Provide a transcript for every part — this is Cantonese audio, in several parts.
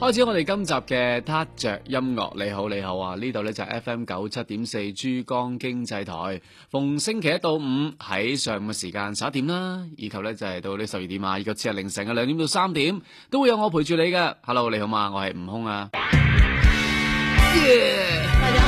開始我哋今集嘅 Touch 音樂，你好，你好啊！呢度呢就係 FM 九七點四珠江經濟台，逢星期一到五喺上午嘅時間十一點啦，以及呢就係、是、到呢十二點啊，以及次日凌晨嘅兩點到三點都會有我陪住你嘅。Hello，你好嘛？我係悟空啊。Yeah!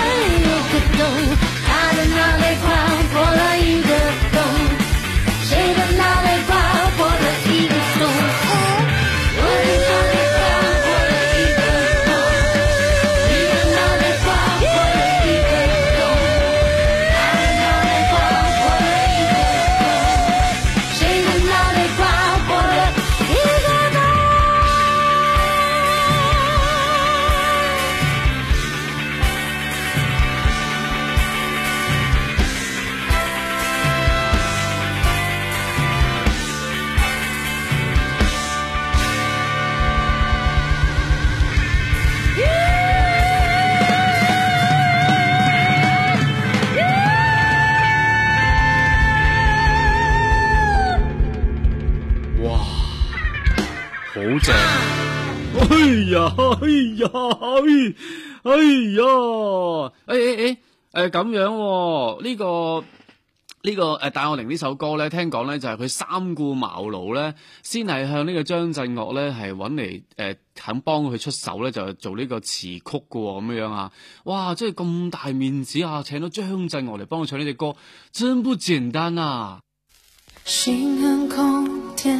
哎呀，哎呀，哎呀，哎呀，哎哎哎，誒、呃，咁樣、哦？呢、這個呢、這個誒，呃戴愛玲呢首歌咧，聽講咧就係佢三顧茅廬咧，先係向呢個張震岳咧係搵嚟誒，肯幫佢出手咧，就做呢個詞曲噶咁、哦、樣啊！哇，真係咁大面子啊，請到張震岳嚟幫我唱呢隻歌，真不簡單啊！心很空，天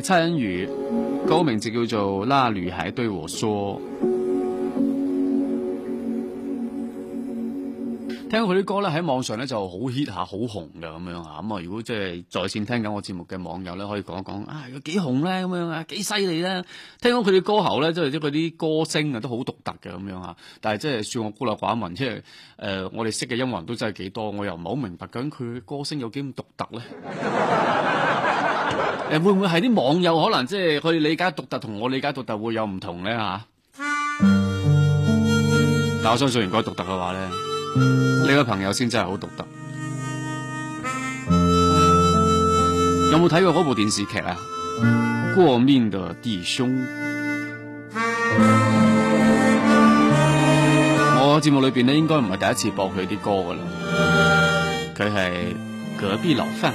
蔡恩宇，歌、那個、名字叫做《那女孩對我說》。聽佢啲歌咧，喺網上咧就好 hit 下，好紅噶咁樣啊，咁啊，如果即係在綫聽緊我節目嘅網友咧，可以講一講啊，幾紅咧，咁樣啊，幾犀利咧。聽講佢啲歌喉咧，即係即係嗰啲歌聲啊，都好獨特嘅咁樣啊，但係即係算我孤陋寡聞，即係誒，我哋識嘅音樂人都真係幾多，我又唔係好明白究竟佢歌聲有幾咁獨特咧。 誒， 會唔會係啲網友可能即係去理解獨特同我理解獨特會有唔同咧吓？ 但我相信，如果獨特嘅話咧，呢位朋友先真係好獨特。有冇睇過嗰部電視劇啊？過命的弟兄。我節目裏邊咧應該唔係第一次播佢啲歌噶啦。佢係隔壁老樊。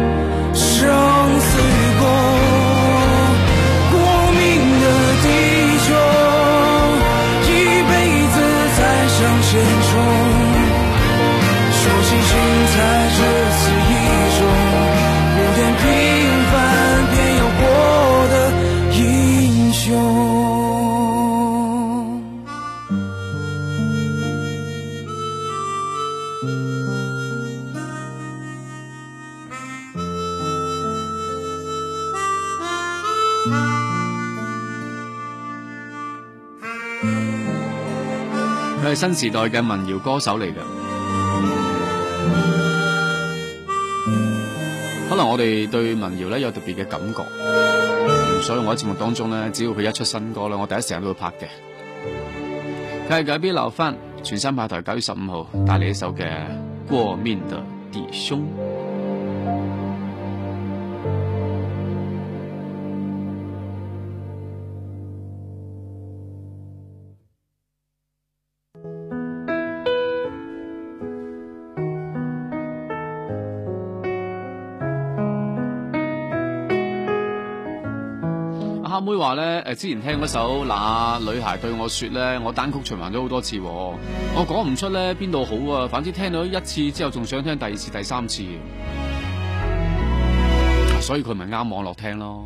係新時代嘅民謠歌手嚟嘅、嗯，可能我哋對民謠咧有特別嘅感覺，所以我喺節目當中咧，只要佢一出新歌咧，我第一時間都會拍嘅。佢係解必留翻全新派台九月十五號帶嚟一首嘅《過命的弟兄》。妹話咧，誒，之前聽嗰首、呃、《那女孩對我說》咧，我單曲循環咗好多次、哦，我講唔出咧邊度好啊，反正聽到一次之後，仲想聽第二次、第三次，所以佢咪啱網絡聽咯。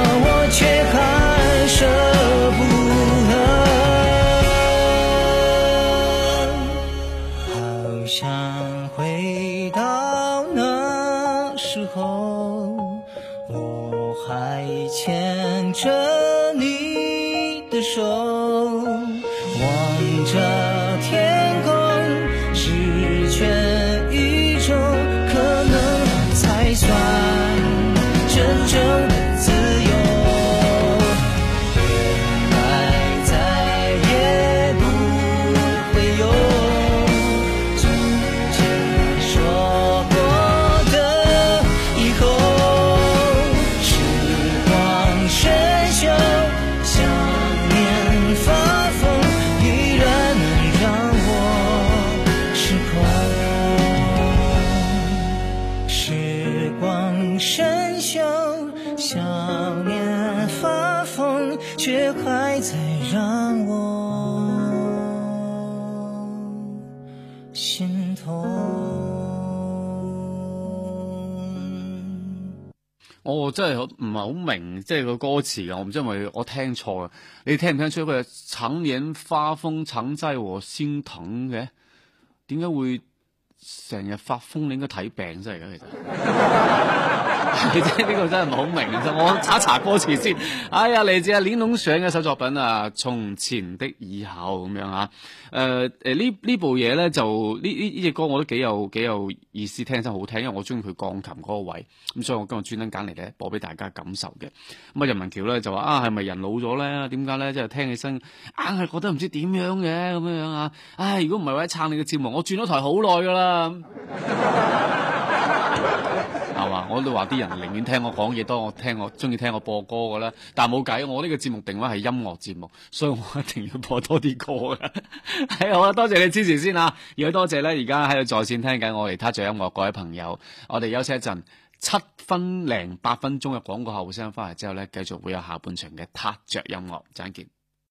心痛。我真係好，唔係好明，即係個歌詞啊。我唔知係咪我聽錯啊？你聽唔聽出佢係橙影花風，橙汁和鮮藤嘅，點解會成日發瘋？你應該睇病真係㗎，其實。 即 呢 個真係唔係好明，我查查歌詞先。哎呀，嚟自阿鍾聰上嘅一首作品啊，《從前的以後》咁樣啊，誒、呃、呢呢部嘢咧就呢呢呢隻歌我都幾有幾有意思，聽真好聽，因為我中意佢鋼琴嗰個位，咁所以我今日專登揀嚟咧播俾大家感受嘅。咁啊，任文橋咧就話、是、啊，係咪人老咗咧？點解咧？即係聽起身硬係覺得唔知點樣嘅咁樣啊？唉、哎，如果唔係為撐你嘅節目，我轉咗台好耐㗎啦。 係嘛？我都話啲人寧願聽我講嘢多，當我聽我中意聽我播歌噶啦。但係冇計，我呢個節目定位係音樂節目，所以我一定要播多啲歌嘅。 好啊，多謝你支持先啊！亦都多謝咧，而家喺度在,在線聽緊我哋踏着音樂各位朋友。我哋休息一陣，七分零八分鐘嘅廣告後聲翻嚟之後咧，繼續會有下半場嘅踏着音樂，暫見